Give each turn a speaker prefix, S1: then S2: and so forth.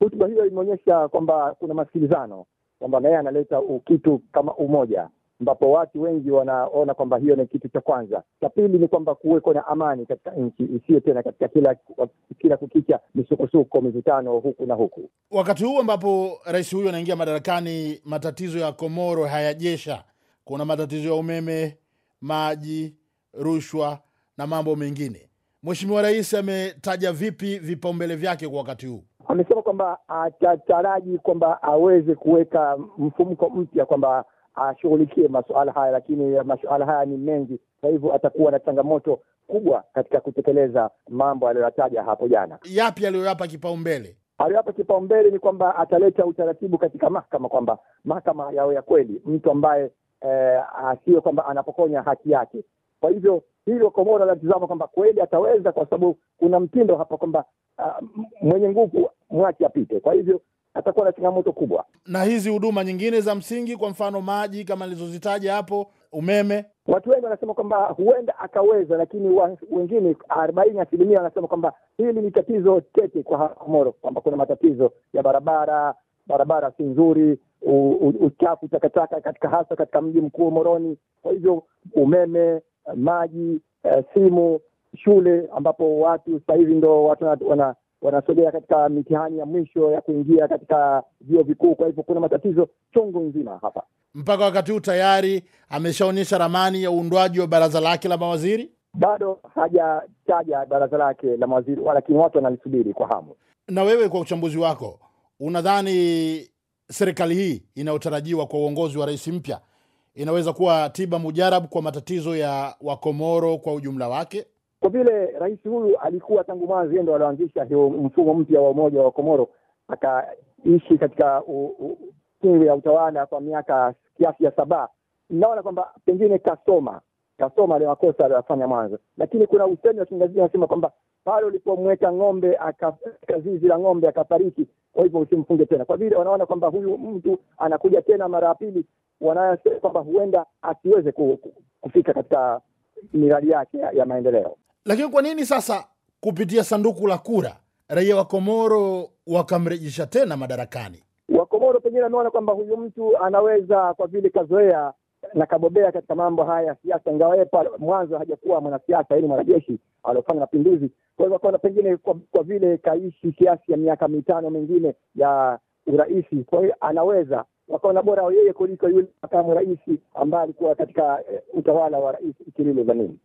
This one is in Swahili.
S1: Hotuba hiyo imeonyesha kwamba kuna masikilizano, kwamba naye analeta kitu kama umoja, ambapo watu wengi wanaona kwamba hiyo ni kitu cha kwanza. Cha pili ni kwamba kuweko na amani katika nchi isiyo tena katika kila kila kukicha misukosuko, mivutano huku na huku.
S2: Wakati huu ambapo rais huyu anaingia madarakani, matatizo ya Komoro hayajesha. Kuna matatizo ya umeme, maji, rushwa na mambo mengine. mweshimiwa Rais ametaja vipi vipaumbele vyake kwa wakati huu?
S1: amesema kwamba atataraji ah, kwamba aweze kuweka mfumko mpya kwamba ashughulikie masuala haya, lakini masuala haya ni mengi, kwa hivyo atakuwa na changamoto kubwa katika kutekeleza mambo aliyoyataja hapo jana.
S2: Yapi aliyoyapa kipaumbele? Aliyoyapa
S1: kipaumbele ni kwamba ataleta utaratibu katika mahakama, kwamba mahakama yawe ya kweli, mtu ambaye eh, asiwe ah, kwamba anapokonya haki yake. Kwa hivyo hilo Komoro anatizama kwamba kweli ataweza, kwa sababu kuna mtindo hapa kwamba uh, mwenye nguvu mwache apite. Kwa hivyo atakuwa na changamoto kubwa.
S2: Na hizi huduma nyingine za msingi, kwa mfano maji kama nilizozitaja hapo, umeme, watu wengi wanasema kwamba huenda akaweza, lakini
S1: wengine arobaini asilimia wanasema kwamba hili ni tatizo tete kwa Komoro, kwamba kuna matatizo ya barabara, barabara si nzuri, uchafu, takataka katika hasa katika mji mkuu Moroni. Kwa hivyo umeme, maji, eh, simu, shule ambapo watu sasa hivi ndo watu wana wanasogea katika mitihani ya mwisho ya kuingia katika vyuo vikuu. Kwa hivyo kuna matatizo chungu nzima hapa.
S2: Mpaka wakati huu tayari ameshaonyesha ramani ya uundwaji wa baraza lake la mawaziri, bado hajataja
S1: baraza lake la mawaziri,
S2: lakini watu wanalisubiri kwa hamu. Na wewe kwa uchambuzi wako, unadhani serikali hii inayotarajiwa kwa uongozi wa rais mpya inaweza kuwa tiba mujarabu kwa matatizo ya Wakomoro kwa ujumla wake?
S1: Kwa vile rais huyu alikuwa tangu mwanzo ndo alioanzisha hiyo mfumo mpya wa umoja wa Komoro, akaishi katika kingo ya utawala kwa miaka kiasi ya saba. Naona kwamba pengine kasoma kasoma ile makosa aliyofanya mwanzo, lakini kuna usemi wa Kingazia anasema kwamba pale ulipomweka ng'ombe akazizi la ng'ombe akafariki, kwa hivyo usimfunge tena, kwa vile wanaona kwamba huyu mtu anakuja tena mara ya pili, wanasema kwamba huenda asiweze kufika katika miradi yake ya maendeleo.
S2: Lakini kwa nini sasa kupitia sanduku la kura raia wa Komoro wakamrejesha tena madarakani?
S1: Wakomoro pengine wameona kwamba huyu mtu anaweza, kwa vile kazoea na kabobea katika mambo haya ya siasa, ingawa yeye mwanzo hajakuwa mwanasiasa, ili mwanajeshi aliofanya mapinduzi. Kwa hivyo pengine kwa, kwa vile kaishi kiasi ya miaka mitano mingine ya urahisi kwa hiyo anaweza wakaona bora yeye kuliko yule makamu rahisi ambaye alikuwa katika eh, utawala wa rais Ikililo Zanini.